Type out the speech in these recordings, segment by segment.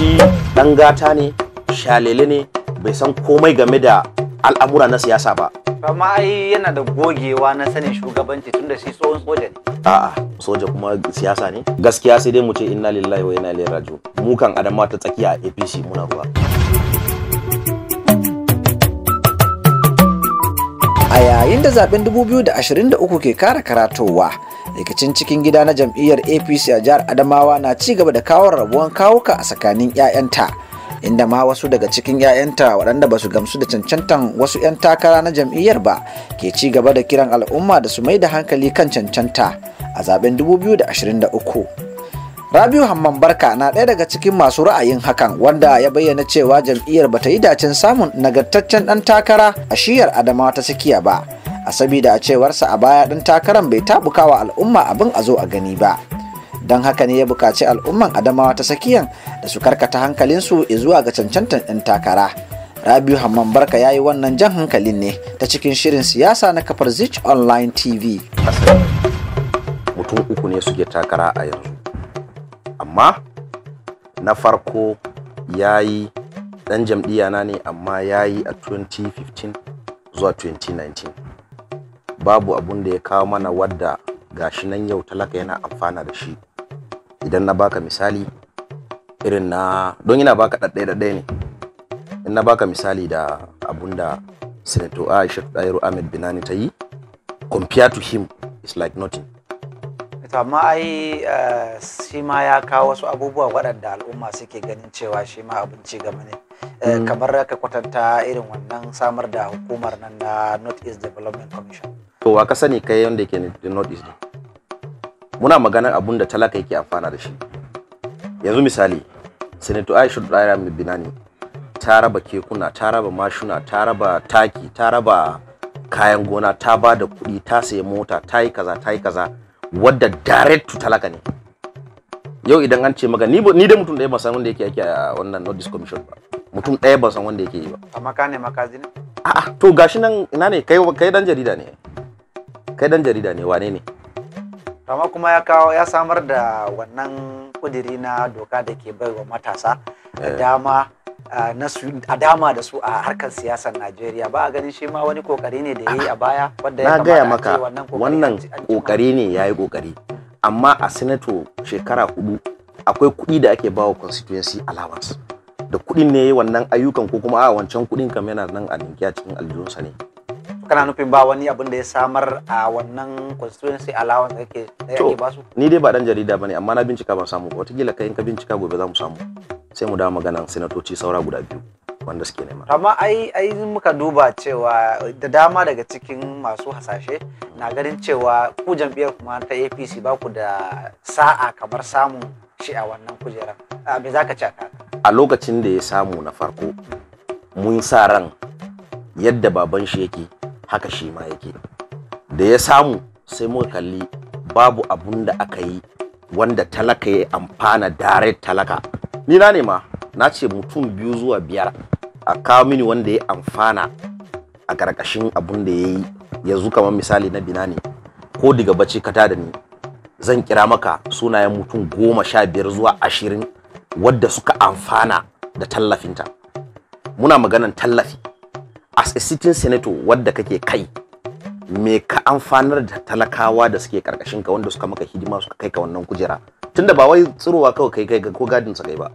shi dan gata ne shalele ne bai san komai game da al'amura na siyasa ba amma ai yana da gogewa na sanin shugabanci tunda shi tsohon soja ne a'a soja kuma siyasa ne gaskiya sai dai mu ce inna lillahi wa inna ilaihi raji'un mu kan adama ta tsakiya APC muna ruwa a yayin da zaben 2023 ke kara karatowa rikicin cikin gida na jam'iyyar apc a jihar adamawa na ci gaba da kawo rabuwan kawuka a tsakanin 'ya'yanta inda ma wasu daga cikin 'ya'yanta waɗanda ba su gamsu da cancantan wasu 'yan takara na jam'iyyar ba ke ci gaba da kiran al'umma da su mai da hankali kan cancanta a zaben 2023 Rabiu Hamman Barka na ɗaya daga cikin masu ra'ayin hakan wanda ya bayyana cewa jam'iyyar ba ta yi dacin samun nagartaccen ɗan takara a shiyar Adamawa ta tsakiya ba. A sabida a cewarsa a baya ɗan takaran bai tabukawa al'umma abin a zo a gani ba. Don haka ne ya buƙaci al'umman Adamawa ta tsakiyan da su karkata hankalinsu zuwa ga cancantan ɗan takara. Rabiu Hamman Barka ya yi wannan jan hankalin ne ta cikin shirin siyasa na kafar Zich Online TV. Mutum uku ne suke takara a yanzu. amma na farko ya yi ɗan jam'iyya na ne amma ya yi a 2015 zuwa 2019 babu abun da ya kawo mana wadda gashi nan yau talaka yana amfana da shi idan na baka misali irin na don ina baka ɗaɗɗaya ɗaɗɗaya ne in na baka misali da abun da senator aisha ɗayiru ahmed binani ta yi compared to him is like nothing to amma ai eh, shi ma ya kawo wasu abubuwa waɗanda al'umma suke ganin cewa shi ma abin ci gaba ne eh, mm. kamar ka kwatanta irin wannan samar da hukumar nan na north east development commission to wa ka sani kai wanda ke north east muna maganar abun da talaka yake amfana da shi yanzu misali senator aisha mai binani ta raba kekuna ta raba mashuna ta raba taki ta raba kayan gona ta ba da kuɗi ta sayi mota ta yi kaza ta yi kaza wadda direct to talaka ne yau idan an ce maka ni ni dai mutum ɗaya ba san wanda yake yake a wannan no commission ba mutum ɗaya ba san wanda yake yi ba amma ka ne makazi a a to gashi nan ina ne kai kai dan jarida ne kai dan jarida ne wane ne amma kuma ya kawo ya samar da wannan kudiri na doka da ke baiwa matasa eh. dama na su a dama da su a harkar siyasar Najeriya ba a ganin shi ma wani kokari ne da yayi a baya wanda ya gaya maka wannan kokari ne yayi kokari amma a senator shekara hudu akwai kuɗi da ake bawa constituency allowance da kuɗin ne yayi wannan ayyukan ko kuma a wancan kuɗin kam yana nan a ninki a cikin aljihunsa ne kana nufin ba wani abin da ya samar a wannan constituency allowance da ake ba su ni dai ba dan jarida bane amma na bincika ban samu wataƙila kai in ka bincika gobe za mu samu sai mu dawo maganan sanatoci saura guda biyu wanda suke nema. Amma ai ai muka duba cewa da dama daga cikin masu hasashe na ganin cewa ku jam'iyyar kuma ta APC ba ku da sa'a kamar samun shi a wannan kujerar. Ah, me za ka ce A lokacin da ya samu na farko mun sa ran yadda baban shi yake haka shi ma yake. Da ya samu sai muka kalli babu abun da aka yi wanda talaka ya amfana direct talaka. ni na ne ma na ce mutum biyu zuwa biyar a kawo mini wanda ya amfana a ƙarƙashin abun da ya yi yanzu kamar misali na bina ne ko diga bace ka da ni zan kira maka sunayen mutum goma sha biyar zuwa ashirin wadda suka amfana da tallafinta muna maganan tallafi as a sitting senator wadda kake kai me ka amfanar da talakawa da suke karkashin ka wanda suka maka hidima suka kai ka wannan kujera tunda ba wai tsirowa kawai kai kai ko gadin sa kai ba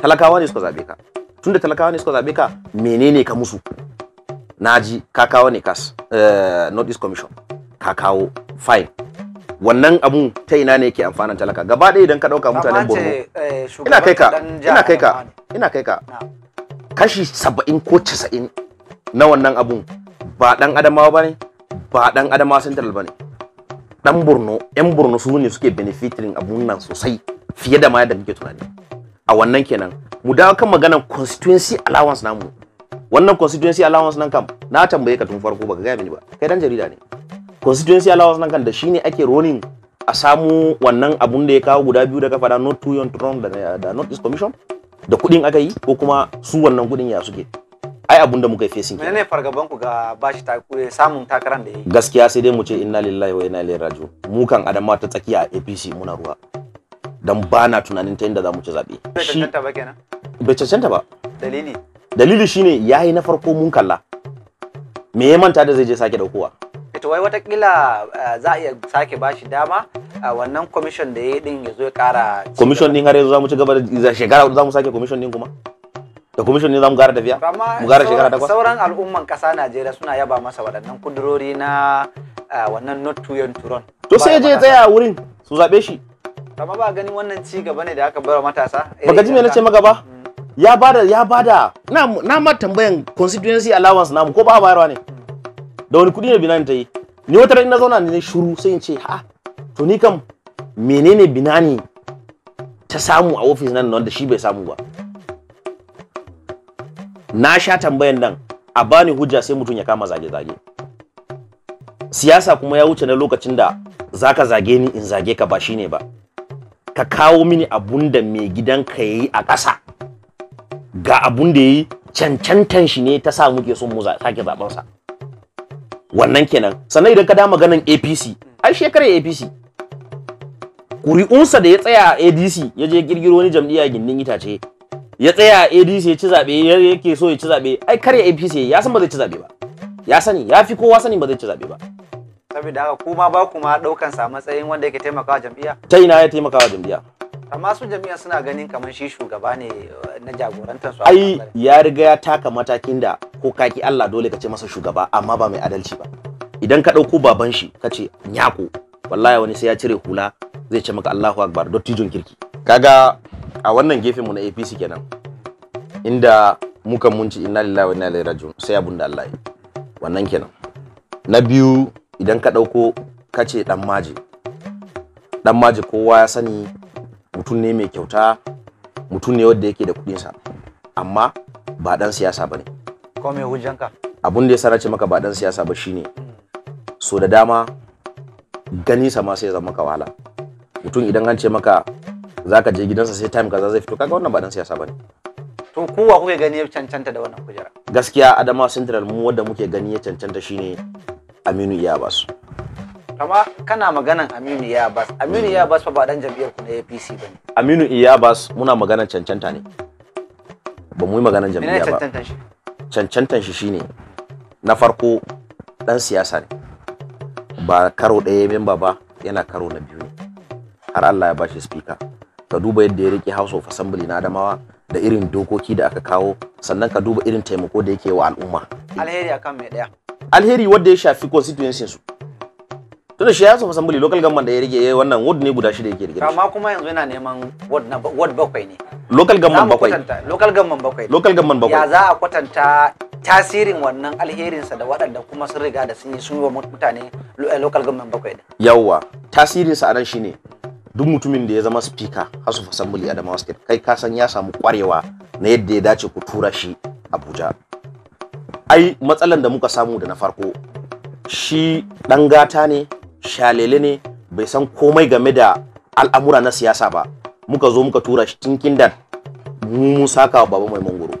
talakawa ne suka zabe ka tunda talakawa ne suka zabe ka menene ka musu naji ka kawo ne kas eh, north east commission ka kawo fine wannan abun ta ina ne yake amfanan talaka gaba ɗaya idan ka ɗauka mutanen borno eh, ina kai ka ina kai ka ina kai ka kashi saba'in ko casa'in na wannan abun ba ɗan adamawa ba ne ba ɗan adamawa central ba ne dan Borno yan Borno su ne suke benefiting abun nan sosai fiye da ma da muke tunani a wannan kenan mu dawo kan maganar constituency allowance namu wannan constituency allowance nan kam na tambaye ka tun farko baka gaya mini ba kai dan jarida ne constituency allowance nan kan da shine ake ronin a samu wannan abun da ya kawo guda biyu daga fada not to yon tron da, da north east commission da kudin aka yi ko kuma su wannan kudin ya suke ai abun da muka yi facing kenan ne fargaban ku ga bashi ta samun takaran da yake? gaskiya sai dai mu ce inna lillahi wa inna ilaihi raji'un mu kan adama ta tsakiya a APC muna ruwa dan ba na tunanin ta inda za mu ci zabe bai ta ba kenan bai cancanta ba dalili dalili shine yayi na farko mun kalla me ya manta da zai je sake daukowa to wai watakila eh, za a iya sake bashi dama a wannan commission da ya yi din ya zo ya kara commission din har yanzu za mu ci gaba da shekara za mu sake commission din kuma da komishin ne za mu gara tafiya mu gara shekara takwas sauran al'umman kasa Najeriya suna yaba masa waɗannan kudurori na wannan not to yan turon to sai je tsaya a wurin su zabe shi amma ba ganin wannan ci gaba ne da aka bar matasa eh, ba gaji me nace maka ba ya bada ya bada na na ma tambayan constituency allowance namu ko ba bayarwa ne da wani kudi ne binani ta yi ni wata ina zauna ne shuru sai in ce ha to ni kam menene binani ta samu a ofis nan wanda shi bai samu ba na sha tambayan nan a bani hujja sai mutum ya kama zage-zage siyasa kuma ya wuce na lokacin da zaka zage ni in zage ka ba shine ba ka kawo mini abun da mai gidanka ya yi a ƙasa ga abun da ya yi cancantan shi ne ta sa muke son mu sake zaɓensa wannan kenan sannan idan ka da maganan apc ai shekarar apc Kuri'unsa da ya tsaya a adc ya je girgiro wani jam'iyya gindin itace ya tsaya ADC ya ci zaɓe yake so ya ci zaɓe ai karya APC ya san ba zai ci zaɓe ba ya sani ya fi kowa sani ba zai ci zaɓe ba saboda haka kuma ba kuma ɗaukan sa matsayin wanda yake taimakawa jam'iyya ta ina ya taimakawa jam'iyya amma su jam'iyyar suna ganin kamar shi shugaba ne eh, na jagorantar su ai ya riga ya taka matakin da ko kaki Allah dole ka ce masa shugaba amma ba mai adalci ba idan ka ɗauko baban shi ka ce nyako wallahi wani sai ya cire hula zai ce maka Allahu akbar dottijon kirki kaga a wannan gefen mu na APC kenan inda muka munci inna lillahi wa inna ilaihi raji'un sai abun da Allah yi wannan kenan na biyu idan ka dauko ka ce ɗan maji ɗan maji kowa ya sani mutum ne mai kyauta mutum ne wanda yake da kuɗinsa amma ba ɗan siyasa ba ne ko mai hujjanka abun da ya sarace maka ba ɗan siyasa ba shine so da dama gani sa ma sai ya zama maka wahala mutum idan an ce maka zaka je gidansa sai time kaza zai fito kaga wannan ba ɗan siyasa ba to kowa kuke gani ya cancanta da wannan kujera gaskiya adama central mu wanda muke gani ya cancanta shine aminu iyabas kama kana maganan aminu iyabas aminu hmm. iyabas fa ba dan jam'iyyar ku na apc bane aminu iyabas muna maganan cancanta ne ba mu yi maganan jam'iyya ba cancantan shi shine na farko dan siyasa ne ba karo ɗaya memba ba yana karo na biyu ne har Allah ya bashi speaker ka duba yadda ya rike House of Assembly na Adamawa da irin dokoki da aka kawo sannan ka duba irin taimako da yake wa al'umma alheri akan mai daya alheri wanda ya shafi constituency su da shi ya so assembly local government da ya rige eh, wannan ward ne guda shida yake rige amma kuma yanzu yana neman ward na ward bakwai ne local government bakwai local government bakwai local government bakwai ya za a kwatanta tasirin wannan alherinsa da waɗanda kuma sun riga da sun yi sun yi wa mutane eh, local government bakwai yawwa tasirinsa a nan shine duk mutumin da ya zama speaker House of Assembly Adamawa State kai ka san ya samu kwarewa na yadda ya dace ku tura shi Abuja ai matsalan da muka samu da na farko shi dan gata ne shalele ne bai san komai game da al'amura na siyasa ba muka zo muka tura shi tinkin da mu saka wa baba mai mangoro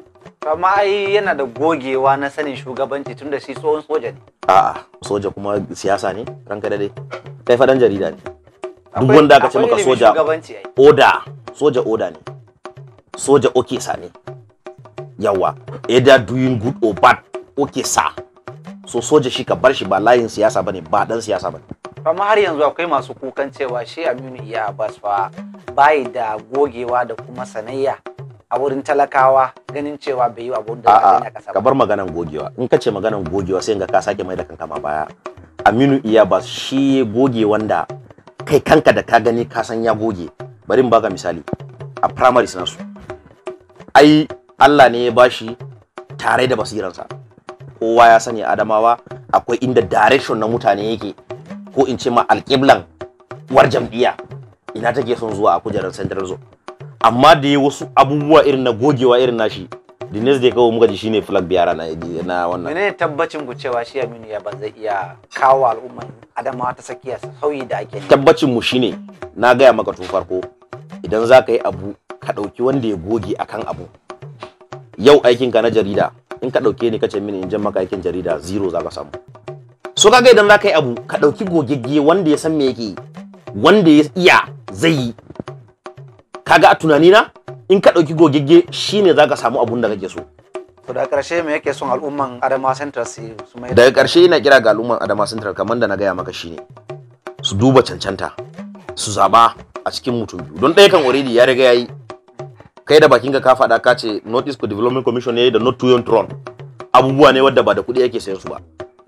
amma ai yana da gogewa na sanin shugabanci tunda shi tsohon soja ne a'a soja kuma siyasa ne ranka da dai kai fadan jarida ne duk wanda aka ce maka soja oda soja oda ne soja oke sa ne yawa either doing good or bad oke sa so soja shi ka bar shi ba layin siyasa bane ba dan siyasa bane amma har yanzu akwai masu kukan cewa shi Aminu iya bas fa bai da gogewa da kuma sanayya a wurin talakawa ganin cewa bai yi abun da ya ka bar maganan gogewa in ka ce maganan gogewa sai ga ka sake mai da kanka ma baya Aminu iya shi goge wanda kai kanka da ka gani ka san ya goge bari in baka misali a primary su ai Allah ne ya bashi tare da basiransa kowa ya sani adamawa akwai inda direction na mutane yake ko in ce ma alƙiblan war jam'iyya ina take son zuwa a kujerar central zone amma da ya wasu abubuwa irin na gogewa irin nashi the next day kawai muka ji shine flag biyara na na wannan menene tabbacin ku cewa shi Aminu ya ban zai iya kawo al'umma adama ta sakiya sauyi da ake tabbacin mu shine na gaya maka tun farko idan za ka yi abu ka ɗauki wanda ya goge akan abu yau aikinka na jarida in ka ɗauke ni kace mini in jan maka aikin jarida zero za ka samu so kaga idan za ka yi abu ka ɗauki gogegge wanda ya san me yake wanda ya iya zai yi kaga a tunani na. in ka ɗauki gogegge shine za ka samu abun da kake so to da karshe me yake son al'umman adama central su mai daga karshe ina kira ga al'umman adama central kamar da na gaya maka shine su duba cancanta su zaba a cikin mutum biyu don ɗaya kan already ya riga yayi kai da bakinka ka faɗa ka ce north east development commission ne da not to yon Throne abubuwa ne wadda ba da kuɗi yake sayan su ba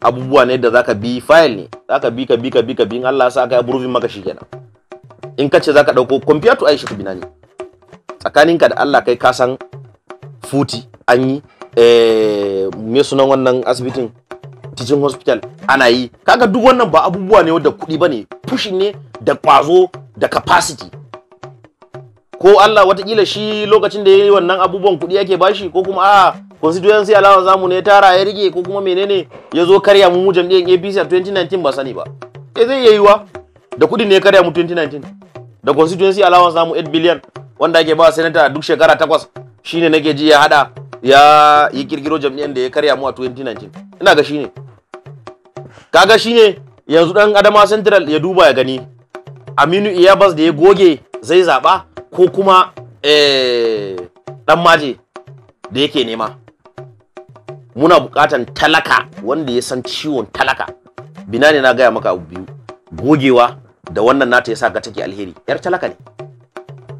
abubuwa ne da zaka bi file ne zaka bi ka bi ka bi ka bi in Allah ya sa ka yi approving maka shikenan in ka ce zaka ɗauko computer to Aisha Binani tsakaninka da Allah kai kasan futi an yi eh, me sunan wannan asibitin teaching hospital ana yi kaga duk wannan ba abubuwa ne wadda kuɗi ba ne pushing ne da ƙwazo da capacity ko Allah watakila shi lokacin da ya yi wannan abubuwan kuɗi yake bashi ko kuma a constituency allowance zamu ne tara ya rige ko kuma menene ya zo karya mu jam'iyyar APC a 2019 ba sani ba eh zai iya yiwa da kuɗi ne ya karya mu 2019 da constituency allowance zamu 8 billion wanda ake ba senata duk shekara takwas shine nake ji ya hada ya yi kirkiro jam'iyyar da ya karya mu a 2019 ina ga shine kaga shine yanzu dan adama central ya duba ya gani aminu iyabas da ya goge zai zaba ko kuma dan eh, maje da yake nema muna bukatan talaka wanda ya san ciwon talaka bina ne na gaya maka abu biyu gogewa da wannan nata ya sa ga take alheri yar talaka ne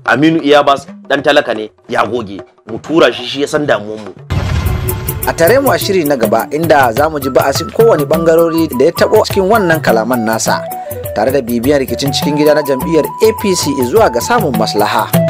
Aminu Iyabas dan talaka ne ya goge mu tura shi shi ya san damuwar mu. A tare mu a shiri na gaba inda za mu ji ba'asin kowane bangarori da ya tabo cikin wannan kalaman nasa tare da bibiyar rikicin cikin gida na jam'iyyar APC zuwa ga samun maslaha.